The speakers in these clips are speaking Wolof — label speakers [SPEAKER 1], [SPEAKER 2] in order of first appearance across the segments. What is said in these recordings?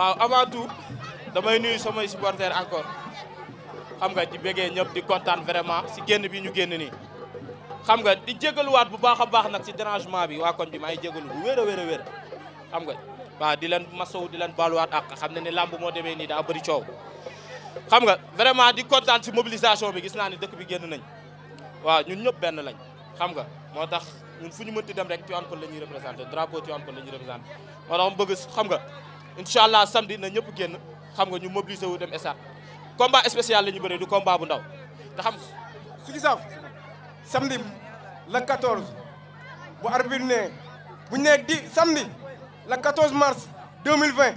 [SPEAKER 1] waaw avant tout damay nuyu samay supporters encore xam nga di bëggee ñëpp di kontaan vraiment si génn bi ñu génn nii. xam nga di jégaluwaat bu baax a baax nag si dérangement bi waa koñ bi may jégalu bu wér a wér a wér xam nga waaw di leen masawu di leen baaluwaat ak xam ne ne làmb moo demee nii daa bëri coow. xam nga vraiment di kontaan si mobilisation bi gis naa ni dëkk bi génn nañ waaw ñun ñëpp benn lañ xam nga moo tax ñun fu ñu mënti dem rek Tivaouane wan la ñuy représenté drapeau Tivaouane Peulh la ñuy représenté xam nga. incha allah samedi na ñëpp génn xam nga ñu mobiliser wu
[SPEAKER 2] dem stade combat spécial la ñu bëri du combat bu ndaw te xam suñu saaf samedi la 14 bu arbitre ne bu ñu nee di samedi la 14 mars 2020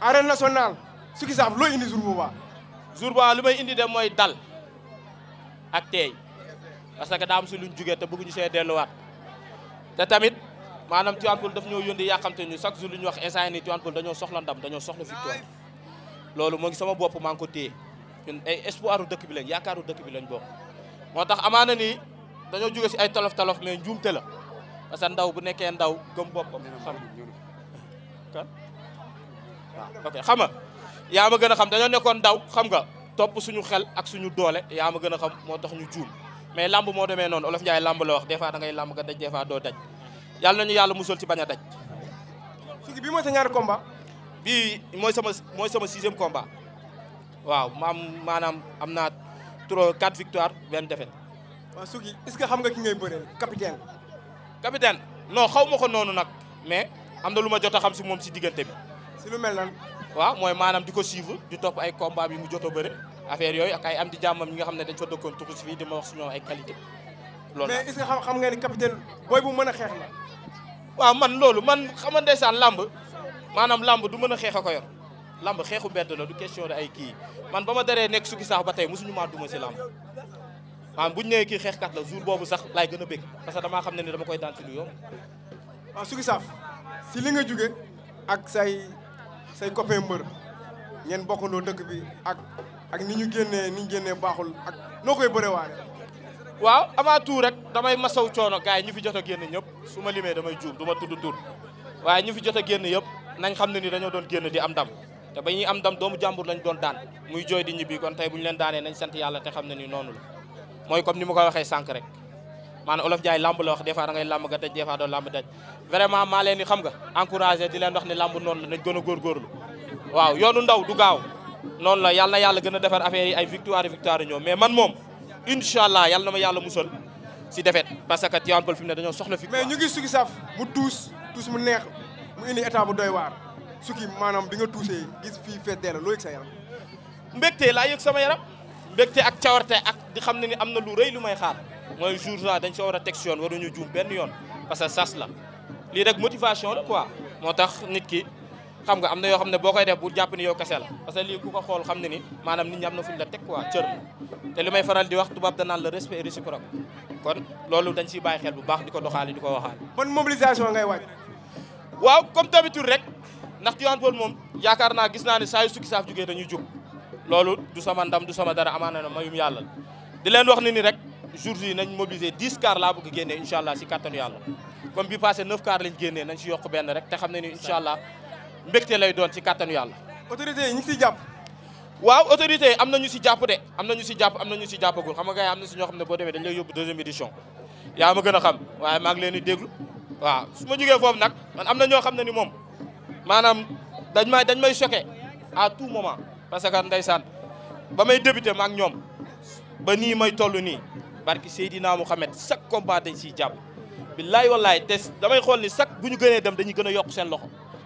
[SPEAKER 2] arène nationale suñu saaf loo indi jour booba jour may indi dem mooy dal ak teey parce
[SPEAKER 1] que daa am si lu jugee te bëgguñu see delluwaat te tamit. maanaam Tivaouane Peulh daf ñoo yónni yàqamte ñu chaque jour li ñu wax instant nii Tivaouane Peulh dañoo soxla ndam dañoo soxla victoire loolu moo ngi sama bopp maa ngi ko téye ñun ay espoiru dëkk bi lañ yaakaaru dëkk bi lañ bokk moo tax amaana nii dañoo jóge si ay tolof tolof mais njuumte la parce que ndaw bu nekkee ndaw gëm boppam xam kan waaw ah, ok xam nga yaa ma gën a xam dañoo nekkoon ndaw xam nga topp suñu xel ak suñu doole yaa ma gën a xam moo tax ñu juum mais lamb moo demee noonu olof Ndiaye lamb la wax des fois da ngay lamb nga daj des fois daj yàlla nañu yàlla musal ci bañ a daj. Sigi bii mooy sa ñaari combat. bii mooy sama mooy sama sixième combat waaw maam maanaam am naa trois quatre victoire benn défaite.
[SPEAKER 2] waaw Sigi est-ce que xam nga ki ngay bëree capitaine.
[SPEAKER 1] capitaine non xaw ma ko noonu nag mais am na lu ma jot a xam si moom si diggante bi. si lu mel nan. waaw mooy maanaam di ko suivre di topp ay combat bi mu jot a bëre affaire yooyu ak ay am di jàmmam ñi nga xam ne dañ fa dëkkoon tuxu si fii di ma wax suñu ay qualité loolu mais est-ce que xam nga ni capitaine booy bu mën a xeex la. waaw man loolu man xam nga ndeysaan làmb maanaam làmb du mën a xeex a ko yor làmb xeexu bedd la du question de ay kii man ba ma daree nekk sukki saax ba tey mosuñu maa duma si làmb maanaam bu ñu nee kii xeexkat la jour boobu sax laay gën a bëgg parce que damaa xam ne ni dama koy daan ci lu yomb.
[SPEAKER 2] si li nga jóge ak say say copain mbër ngeen bokkandoo dëkk bi ak ak ni ñu génnee ni ñu baaxul ak noo koy bëree waale waaw
[SPEAKER 1] avant tout rek damay masaw coono gars yi ñu fi jot a génn ñëpp su ma limee damay juum du ma tudd tur waaye ñu fi jot a génn yëpp nañ xam ne ni dañoo doon génn di am ndam te ba am ndam doomu jàmbur lañ doon daan muy jooy di ñibbi kon tey bu ñu leen daanee nañ sant yàlla te xam ne ni noonu la mooy comme ni ma ko waxee sànq rek maanaam olof Ndiaye lamb la wax des fois da ngay lamb ga daj des fois doo lamb maa leen di xam nga encouragé di leen wax ne lamb noonu la nañ gën a góorgóorlu waaw yoonu ndaw du gaaw noonu la yàlla yàlla gën a defar affaire yi ay victoire victoire ñëw man moom Inshallah, yalla yàlla yalla musul ci parce que tous, soxla fi. mais ñu ngi suki saf mu tous tous mu neex
[SPEAKER 2] mu indi état bu doy war suki manam bi nga gis fi fété la sa yaram.
[SPEAKER 1] la sama yaram ak ak di ni am lu reuy lu may xaar moy jour là dañ wara a yoon parce que sas la li rek motivation quoi motax nit ki. xam nga am na yoo xam ne boo koy def bu jàpp ni yow kese la parce que lii ku ko xool xam ne ni maanaam nit ñi am na fuñ la teg quoi cër te li may faral di wax tubaab danaan la respect réciproque kon loolu dañ siy bàyyi xel bu baax di ko doxaale di ko waxaale.
[SPEAKER 2] ban mobilisation ngay waaj.
[SPEAKER 1] waaw comme d'habitude rek ndax Tivaouane Peulh moom yaakaar naa gis naa ne saa yu sukki saaf jugee dañuy jug loolu du sama ndam du sama dara amaana na mayum yàlla di leen wax ni ni rek jours yi nañ mobiliser si kattanu yàlla nañ si yokk benn rek te xam ne ni incha allah mbégte lay doon ci kàttanu yàlla. autorité yi ñu ngi siy jàpp. waaw autorité yi am na ñu si jàpp de am na ñu si jàpp am na ñu si jàppagul xam nga gars yi am na si ñoo xam ne boo demee dañ lay yóbbu deuxième édition yaa ma gën a xam waaye maak leen di déglu waaw su ma jógee foofu nag man am na ñoo xam ne ni moom maanaam dañ may dañ may choqué à tout moment parce que ndeysaan ba may débuté ma ak ñoom ba nii may toll nii barki Seydina Mouhamed chaque combat dañ si jàpp billaay wallaay te damay xool ni chaque bu gënee dem dañuy gën a yokk seen loxo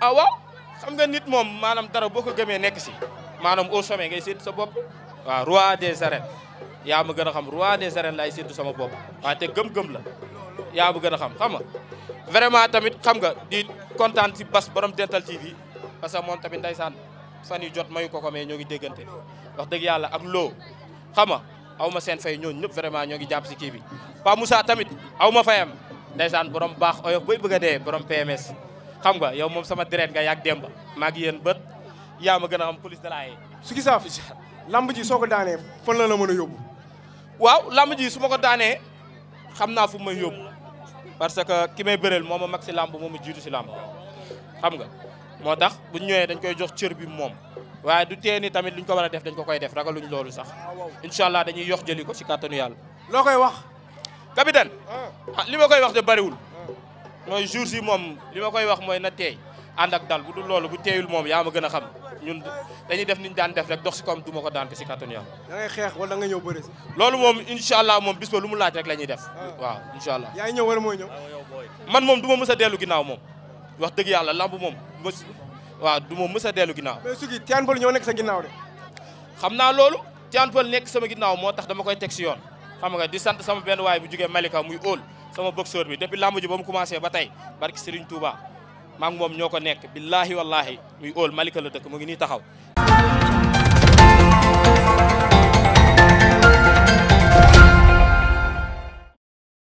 [SPEAKER 1] ah waaw xam nga nit moom maanaam dara boo ko gëmee nekk si maanaam au sommet ngay sédd sa bopp waaw roi des arènes yaa ma gën a xam roi des arènes laay séddu sama bopp waaw te gëm-gëm la yaa ma gën a xam xam nga vraiment tamit xam nga di kontaan si Bas borom Dental TV parce que moom tamit ndeysaan fan yu jot mayu ko ko mais ñoo ngi déggante wax dëgg yàlla ak loo xam nga aw ma seen fay ñooñu ñëpp vraiment ñoo ngi jàpp si kii bi Pa tamit aw ma fayam ndeysaan borom baax oyof bay bëgg a dee borom xam nga yow moom sama deret nga yàgg Demba maa ngi yéen bët yaa ma gën a am police de su gisaa fi
[SPEAKER 2] lamb ji soo ko daanee fan la la mën a yóbbu.
[SPEAKER 1] waaw lamb ji su ma ko daanee xam naa fu may yóbbu parce que ki may bëreel moo ma mag si lamb moo ma jiitu si lamb xam nga moo tax bu ñu ñëwee dañ koy jox cër bi moom. waaye du tee ni tamit lu ñu ko war a def dañ ko koy def ragaluñ loolu sax ah, incha allah dañuy yox jëli ko si kàttanu loo koy wax. capitaine ah. Ah, li ma koy wax de bariwul. mooy jours yi moom li ma koy wax mooy na teey ànd ak dal bu dul loolu bu teeyul moom yaa ma gën a xam ñun dañuy def ni ñu daan def rek dox si koom du ma ko daan si kàttanu
[SPEAKER 2] yàlla. xeex wala da nga ñëw bëri
[SPEAKER 1] loolu moom incha allah moom bis ba lu mu laaj rek la ñuy def. Ah. waaw incha allah. yaa ngi ñëw wala mooy ñëw. man moom du ma mës a dellu moom wax dëgg yàlla lamb moom mës waaw du ma mës a dellu ginnaaw.
[SPEAKER 2] mais Souguy Tivaouane Peulh nekk sa ginnaaw de.
[SPEAKER 1] xam naa loolu Tivaouane Peulh nekk sama ginnaaw moo tax dama koy teg si yoon xam nga di sant sama benn waay bu jógee Malika muy óol sama boxeur bi depuis lamb ji ba mu commencé ba tey barki Serigne Touba maa moom ñoo ko nekk billaahi wallaahi muy óol Malika la dëkk mu ngi taxaw